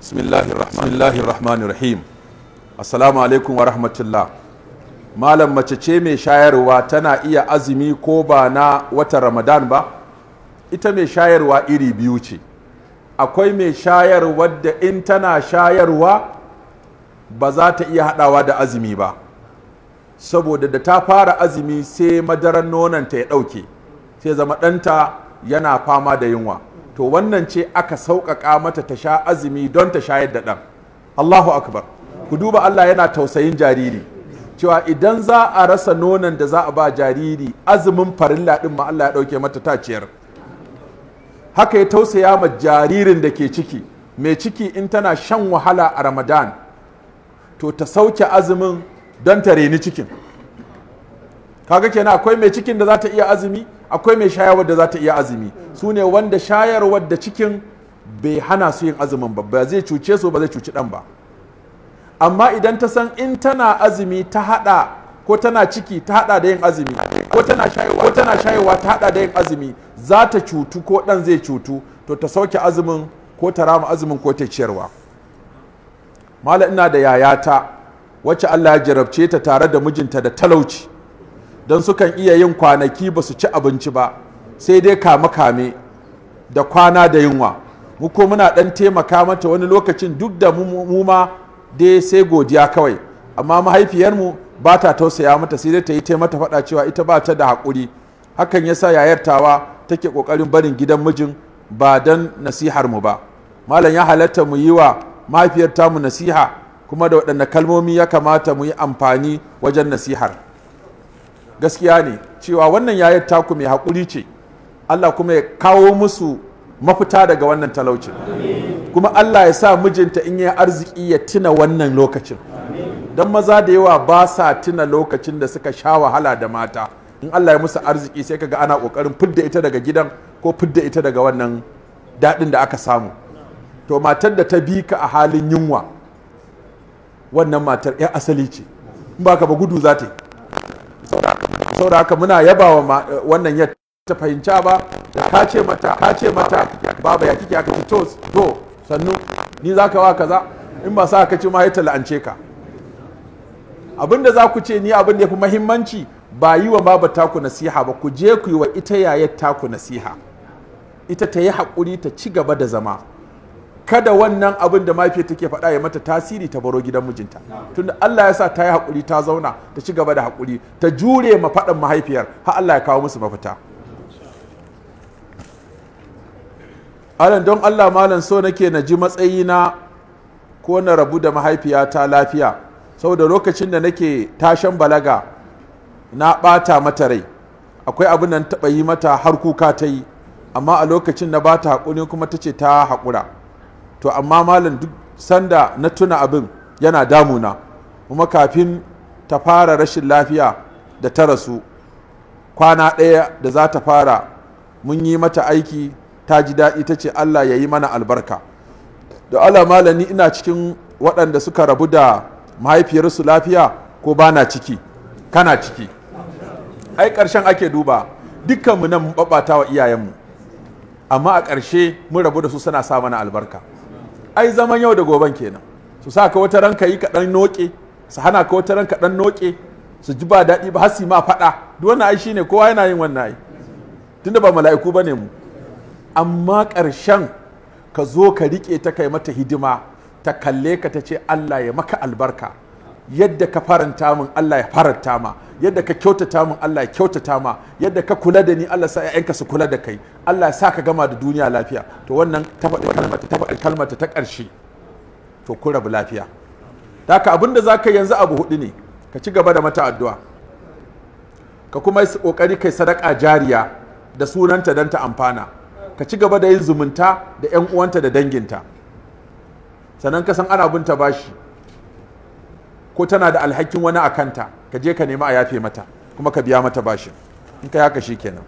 bismillahir rahmanir rahim assalamu alaikum wa rahmatullah malam mace ce mai shayarwa tana iya azumi ko ba na watan ramadan ba ita mai shayarwa iri biyu ce akwai mai shayarwa da in tana shayarwa ba za ta iya haɗawa da azumi ba saboda da ta fara azumi sai madaran nonanta ya ɗauke sai zama ɗanta yana fama da yunwa to wannan ce aka sauƙaƙa mata ta sha azumi don ta shayar da ɗan Allahu akbar ku duba Allah yana tausayin jariri cewa idan za a rasa nonon da za a ba jariri azumin farilla ɗin ma Allah ya ɗauke mata ta ciyar haka ya tausaya ma jaririn da ke ciki mai ciki in tana shan wahala a ramadan to ta sauke azumin don ta reni cikin kaga kenan akwai mai cikin da za ta iya azumi akwai mai shayarwar da za ta iya azumi su ne wanda shayarwar da cikin bai hana su yin azumin ba ba zai cuce su ba zai cuci dan ba amma idan ta san in tana azumi ta hada ko tana ciki ta hada da yin azumi ko tana shayarwa ta hada da yin azumi za ta cutu ko dan zai cutu to ta sauke azumin ko ta rama azumin ko ta ciyarwa mala ina da yayata wacce Allah ya jarabce ta tare da mijinta da talauci don sukan iya yin kwanaki ba su ci abinci ba sai dai kame-kame da kwana da yunwa mu ko muna ɗan taimaka mata wani lokacin duk da mu dai sai godiya kawai amma mahaifiyarmu ba ta tausaya mata sai dai ta yi taimata faɗa cewa ita ba ta da haƙuri hakan ya sa yayartawa take ƙoƙarin barin gidan mijin ba don nasiharmu ba malam ya halatta mu yi wa mahaifiyarta mu nasiha kuma da waɗanne kalmomi ya kamata mu yi amfani wajen nasihar gaskiya ne cewa wannan yayar taku mai haƙuri ce Allah kuma ya kawo musu mafita daga wannan talaucin kuma Allah ya sa mijinta in yi arziki ya tuna wannan lokacin don maza da yawa ba sa tuna lokacin da suka sha wahala da mata in Allah ya musu arziki sai kaga ana kokarin fidda ita daga gidan ko fidda ita daga wannan daɗin da aka samu to matar da ta bi ka a halin yunwa wannan matar 'yan asali ce in ba ka ba gudu za ta yi saboda haka muna yabawa eh, wannan ya ta fahimta ba da ka mata ka mata baba ya kike aka to to sannu ni zaka wa kaza in ba sa ka ce ma ya talance ka abinda za ku ce ni abin da ya fi muhimmanci ba yi wa baba taku nasiha ba ku je ku yi wa ita yayar taku nasiha ita ta yi haƙuri ta ci gaba da zama kada wannan abin da mafi take faɗa ya mata tasiri ta baro gidan mijinta tunda Allah ya sa ta yi haƙuri ta zauna ta ci gaba da hakuri ta jure ma faɗan mahaifiyar har Allah ya kawo musu mafita alan don Allah malam so nake na ji matsayina ko na rabu da mahaifiyata lafiya saboda lokacin da nake tashan balaga na bata mata rai akwai abin nan taɓa yi mata har kuka ta yi amma a lokacin na bata ta haƙuri kuma ta ce ta haƙura to amma malam duk sanda na tuna abin yana damuna kuma kafin ta fara rashin lafiya da ta rasu kwana ɗaya da za ta fara mun yi mata aiki ta ji daɗi ta ce allah ya yi mana albarka da allah malami ina cikin waɗanda suka rabu da mahaifiyarsu lafiya ko ba na ciki kana ciki ai ƙarshen ake duba dukkanmu nan mu babata wa iyayenmu amma a ƙarshe mun rabu da su suna sa mana albarka ai zaman yau da goben kenan su sa ka wata ranka yi ka dan noke su hana ka wata ranka dan noke su ji ba daɗi ba hasi ma faɗa duk wannan ai shine kowa yana yin wannan ai tunda ba mala'iku bane mu amma ƙarshen ka zo ka riƙe ta kai mata hidima ta kalle ka ta ce Allah ya maka albarka yadda ka faranta min Allah ya faranta ma yadda ka kyautata min Allah ya kyautata ma yadda ka kula da ni Allah sa ya su kula da kai Allah sa ka gama da duniya lafiya to wannan ta faɗi kalmata ta faɗi kalmata ta ƙarshe to ku rabu lafiya haka abin da zaka yanzu abu hudu ne ka ci gaba da mata addu'a ka kuma yi kokari kai sadaka jariya da sunanta dan ta amfana ka ci gaba da yin zumunta da 'yan uwanta da danginta sannan ka san ana bunta bashi ko tana da alhakin wani a kanta ka je ka nema a yafe mata kuma ka biya mata bashi. in ka haka kenan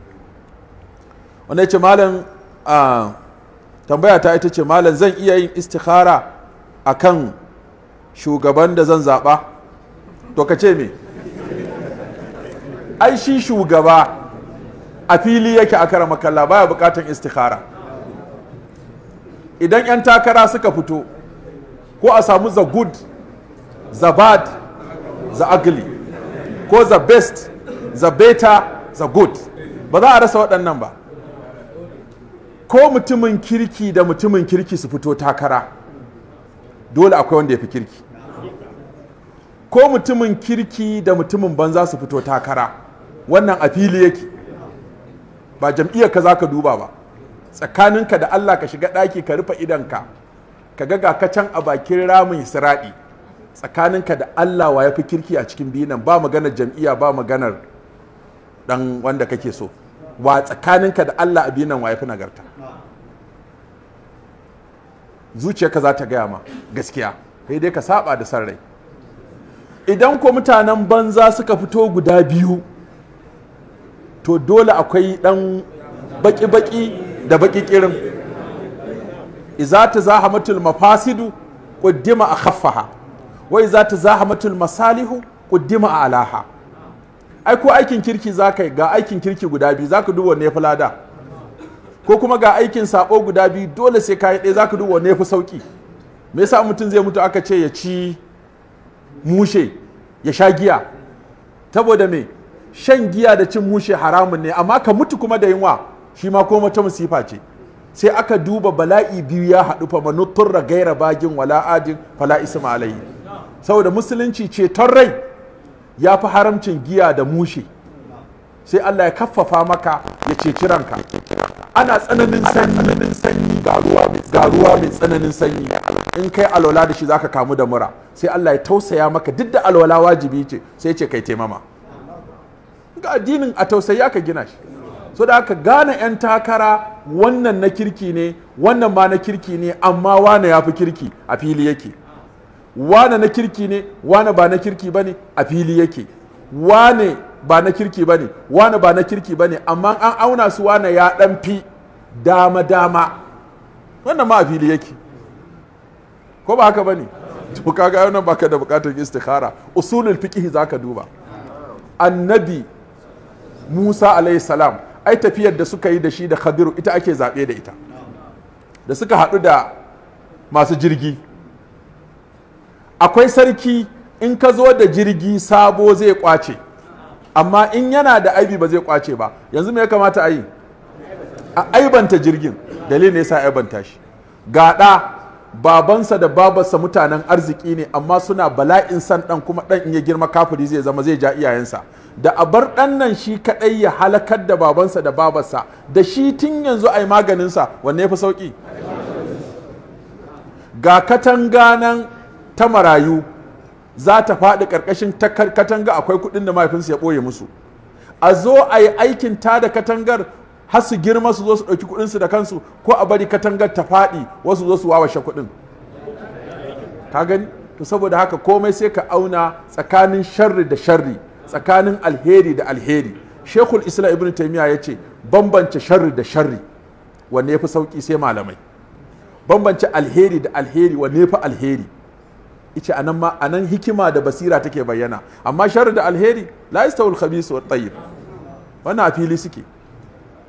wanda ce malam tambaya ta ita ce malam zan iya yin istikhara kan shugaban da zan zaɓa to ka ce me ai shi shugaba a fili yake a kara makalla baya bukatan istikhara idan 'yan takara suka fito ko a samu the good the bad the ugly ko the best the better the good ba za a rasa waɗannan ba ko mutumin kirki da mutumin kirki su fito takara dole akwai wanda ya fi kirki ko mutumin kirki da mutumin banza su fito takara wannan a fili yake ba jam'iyyar ka za ka duba ba tsakaninka da allah ka shiga ɗaki ka rufe idanka ka ga ga can a bakin ramin isra'i. tsakaninka da Allah wa ya fi kirki a cikin biyu nan ba maganar jam'iyya ba maganar dan wanda kake so wa tsakaninka da Allah a biyu nan wa ya fi nagarta zuciyarka za ta gaya ma gaskiya kai dai ka saba da san rai idan ko mutanen banza suka fito guda biyu to dole akwai dan baki-baki da baki kirin iza ta zahamatul mafasidu qaddima akhaffaha wai za ta zahamatul masalihu a alaha ai ko aikin kirki za ka ga aikin kirki guda biyu za ka duba nefi lada ko kuma ga aikin sabo guda biyu dole sai kayi ɗaya za ka duba nefi sauki me yasa mutum zai mutu aka ce ya ci mushe ya sha giya saboda me shan giya da cin mushe haramun ne amma ka mutu kuma da yunwa shi ma ko mata musifa ce sai aka duba bala'i biyu ya haɗu fa manuturra gaira bagin wala adin fala isma saboda musulunci ton rai ya fi haramcin giya da mushe sai Allah ya kaffafa maka ya ceci ranka ana tsananin sanyi ga ruwa mai tsananin sanyi in kai alwala da shi zaka kamu da mura sai Allah ya tausaya maka duk da alwala wajibi ce sai ce kai taimama ga addinin a tausayi aka gina shi so da aka gane 'yan takara wannan na kirki ne wannan ma na kirki ne amma wane ya fi kirki a fili yake wane na kirki ne wane ba na kirki ba ne a fili yake wane ba na kirki ba ne wane ba na kirki ba ne amma an auna su wane ya ɗan fi dama dama wannan ma a fili yake ko ba haka ba ne to kaga wannan baka da bukatar istikhara usulul fiqh zaka duba annabi Musa alayhi salam ai tafiyar da suka yi da shi da Khadiru ita ake zabe da ita da suka haɗu da masu jirgi akwai sarki in ka zo da jirgi sabo zai kwace amma in yana da aibi ba zai kwace ba yanzu me ya kamata a yi a aibanta jirgin dalilin ne sa aibanta shi gaɗa babansa da babarsa mutanen arziki ne amma suna bala'in san ɗan kuma ɗan in ya girma kafiri zai zama zai ja iyayensa da a bar ɗan nan shi kaɗai ya halakar da babansa da babarsa da shi tun yanzu a yi maganinsa wanne ya fi sauƙi ga katanga ta marayu za ta faɗi ƙarƙashin katanga akwai kuɗin da mahaifinsu ya ɓoye musu a zo a yi aikin ta da katangar har su girma su zo su ɗauki kuɗinsu da kansu ko a bari katangar ta faɗi wasu zo su wawashe kuɗin ka gani to saboda haka komai sai ka auna tsakanin sharri da sharri tsakanin alheri da alheri shekul isla ibn taimiyya ya ce bambance sharri da sharri wanne ya fi sauƙi sai malamai bambance alheri da alheri wanne ya fi alheri ice anan ma anan hikima da basira take bayyana amma sharri da alheri la yastawul Khabisu wat tayyib wannan a fili suke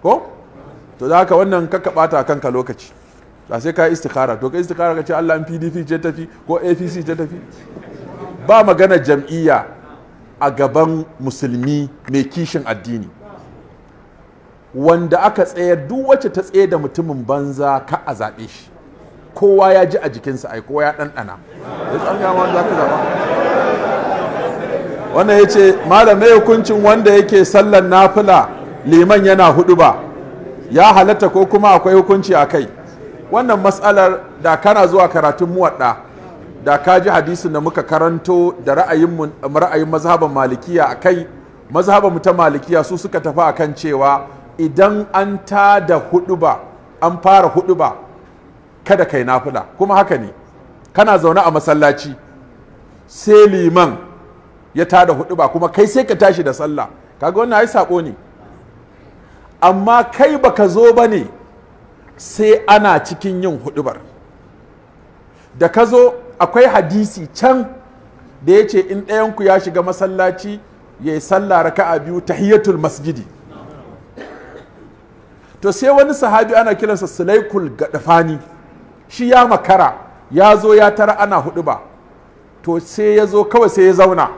ko to da haka wannan kaba bata kanka lokaci da sai ka istikhara to ka istikhara ka ce Allah in PDP je tafi ko APC je tafi ba magana jam'iyya a gaban musulmi mai kishin addini wanda aka tsayar duk wacce ta tsaye da mutumin banza ka a zaɓe shi kowa ya ji a jikinsa ai kowa ya ɗanɗana ya ya ce malamai hukuncin wanda yake sallan nafila liman yana hudu ba ya halatta ko kuma akwai hukunci a kai wannan matsalar da kana zuwa karatun muwaɗa da ka ji hadisin da muka karanto da ra'ayin mazhaban malikiya a kai mazhaban ta malikiya su suka tafi akan cewa idan an ta da hudu ba an fara hudu ba kada kai nafila kuma haka ne kana zaune a masallaci sai liman ya tada hudu ba kuma kai sai ka tashi da sallah kaga wannan ai sabo ne amma kai baka zo ba ne sai ana cikin yin hudubar da ka zo akwai hadisi can da ya ce in ɗayanku ya shiga masallaci ya yi sallah raka'a biyu tahiyatul masjidi to sai wani sahabi ana kiransa sulaikul gadafani shi ya makara ya zo ya tara ana hudu ba to sai ya zo kawai sai ya zauna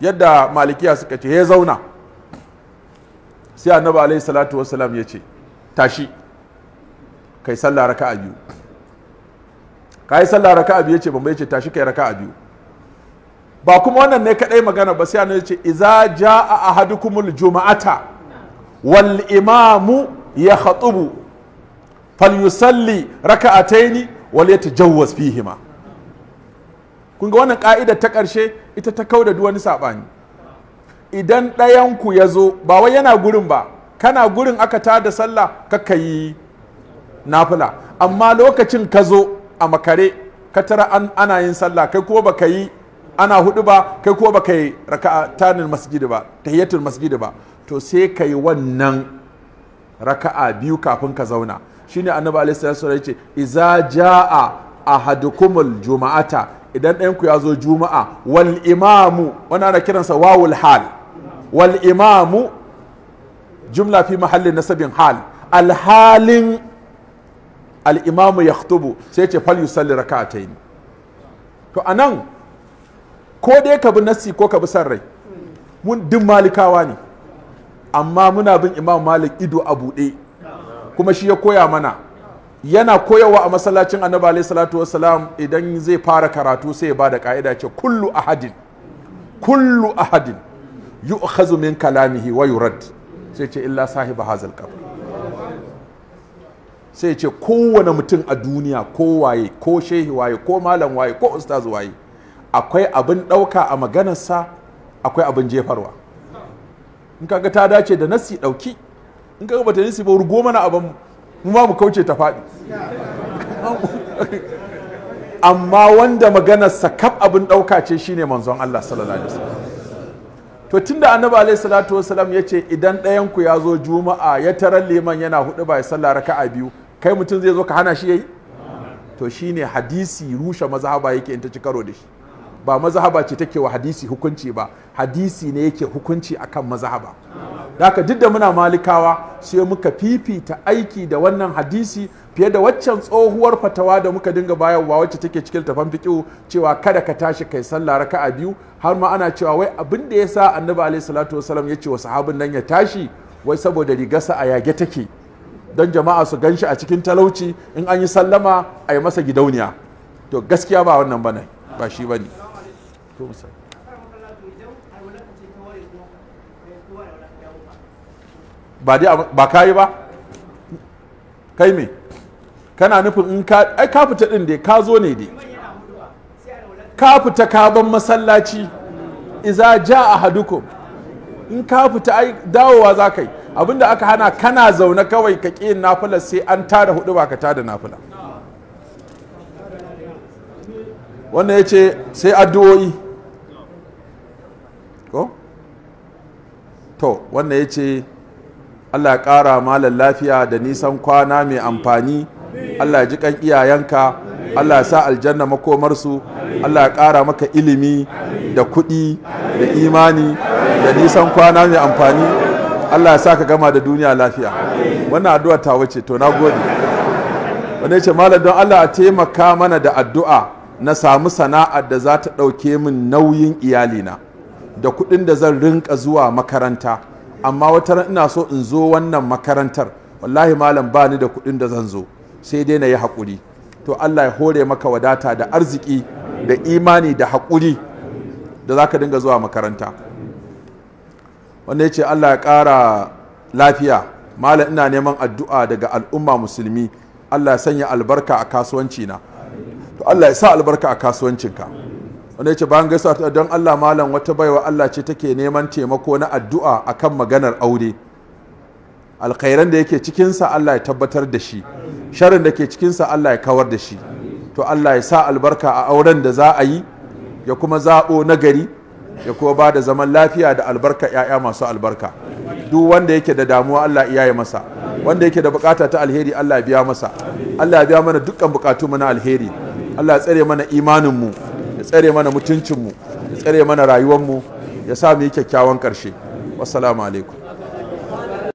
yadda malikiya suka ce ya zauna sai annabi alaihi salatu wasalam ya ce tashi kai sallah raka'a biyu kai sallah raka'a biyu ya ce ban bai ce tashi kai raka'a biyu ba kuma wannan ne kadai magana ba sai annabi ya ce ja jaa ahadukumul juma'ata wal imamu ya khatubu falyusalli raka'ataini wal yatajawwaz fihima kun ga wannan ka'ida ta karshe ita ta kauda duk wani sabani idan ɗayan ku ya zo ba wai yana gurin ba kana gurin aka ta da sallah kakka yi nafila amma lokacin ka zo a makare ka tara ana yin sallah kai kuma baka yi ana hudu ba kai ko baka yi raka'atanin masjidi ba tahiyatul masjidi ba to sai ka wannan raka'a biyu kafin ka zauna shine annabi alaihi salatu wasallam yace iza jaa ahadukumul juma'ata idan ɗayan ku ya zo juma'a wal imamu wani ana kiransa wawul hal wal imamu jumla fi mahallin nasabin hal alhalin imamu ya sai ce fal yusalli raka'atayn to anan ko dai ka bi nassi ko ka bi san rai mun din malikawa ne amma muna bin imam malik ido a buɗe kuma shi ya koya mana yana koyawa a masallacin annabi alaihi salatu wassalam idan zai fara karatu sai ya bada ka'ida ce kullu ahadin kullu ahadin yu'khadhu min kalamihi wa yurad sai ce illa sahiba hazal qabr sai ce kowane mutum a duniya ko waye ko shehi waye ko malam waye ko ustaz waye akwai abin ɗauka a maganarsa akwai abin jefarwa in kaga ta dace da nasi ɗauki in ka bata nisi ba rugo mana abin mu ma mu kauce ta faɗi amma wanda maganar sa abin ɗauka ce shine manzon Allah sallallahu alaihi wasallam to tunda annabi alaihi salatu wasallam ya ce idan ɗayan ku ya zo juma'a ya tarar liman yana hudu ba ya sallah raka'a biyu kai mutum zai zo ka hana shi yayi to shine hadisi rushe mazhaba yake in ta ci karo da shi ba mazhaba ce take wa hadisi hukunci ba hadisi ne yake hukunci akan mazhaba haka duk da muna malikawa sai muka fifita aiki da wannan hadisi fiye da waccan tsohuwar fatawa da muka dinga bayarwa wacce take cikin tafan fiqihu cewa kada ka tashi kai sallah a biyu har ma ana cewa wai abin da sa annabi alaihi salatu wasallam ya ce wa sahabin nan ya tashi wai saboda rigarsa a yage take don jama'a su ganshi a cikin talauci in an yi sallama a yi masa gidauniya to gaskiya ba wannan bane ba shi bane to ba dai ba kayi ba kai me kana nufin in ka ai ka fita din dai ka zo ne dai ka fita ka ban masallaci iza ja ahadukum in ka fita ai dawowa za ka yi abinda aka hana kana zaune kawai ka ƙi nafila sai an tada hudu ba ka tada nafila wannan ya ce sai addu'o'i ko to wannan ya ce Allah ya ƙara malar lafiya da nisan kwana mai amfani Allah ya ji kan iyayenka Allah ya sa aljanna makomarsu Allah ya ƙara maka ilimi da kuɗi da imani da nisan kwana mai amfani Allah ya sa ka gama da duniya lafiya wannan addu'a ta wace to na gode wanda ce malam don Allah a taimaka mana da addu'a na samu sana'ar da za ta ɗauke min nauyin iyalina da kuɗin da zan rinka zuwa makaranta amma wata ina so in zo wannan makarantar wallahi malam ba ni da kuɗin da zan zo sai dai na yi haƙuri to Allah ya hore maka wadata da arziki da imani da haƙuri da za ka dinga zuwa makaranta wanda ya Allah ya ƙara lafiya malam ina neman addu'a daga al'umma musulmi Allah ya sanya albarka a kasuwanci na to Allah ya sa albarka a kasuwancinka wanda ya ce bayan gaisuwa don Allah malam wata baiwa Allah ce take neman taimako na addu'a akan maganar aure alkhairan da yake cikinsa Allah ya tabbatar da shi sharin da ke cikinsa Allah ya kawar da shi to Allah ya sa albarka a auren da za a yi ya kuma zaɓo na gari ya kuma ba da zaman lafiya da albarka ‘ya'ya masu albarka duk wanda yake da damuwa Allah ya yi masa wanda yake da bukata ta alheri Allah ya biya masa Allah ya biya mana dukkan bukatu mana alheri Allah ya tsare mana imaninmu ya tsare mana mutuncinmu ya tsare mana rayuwarmu ya sa mu yi kyakkyawan ƙarshe wasu alaikum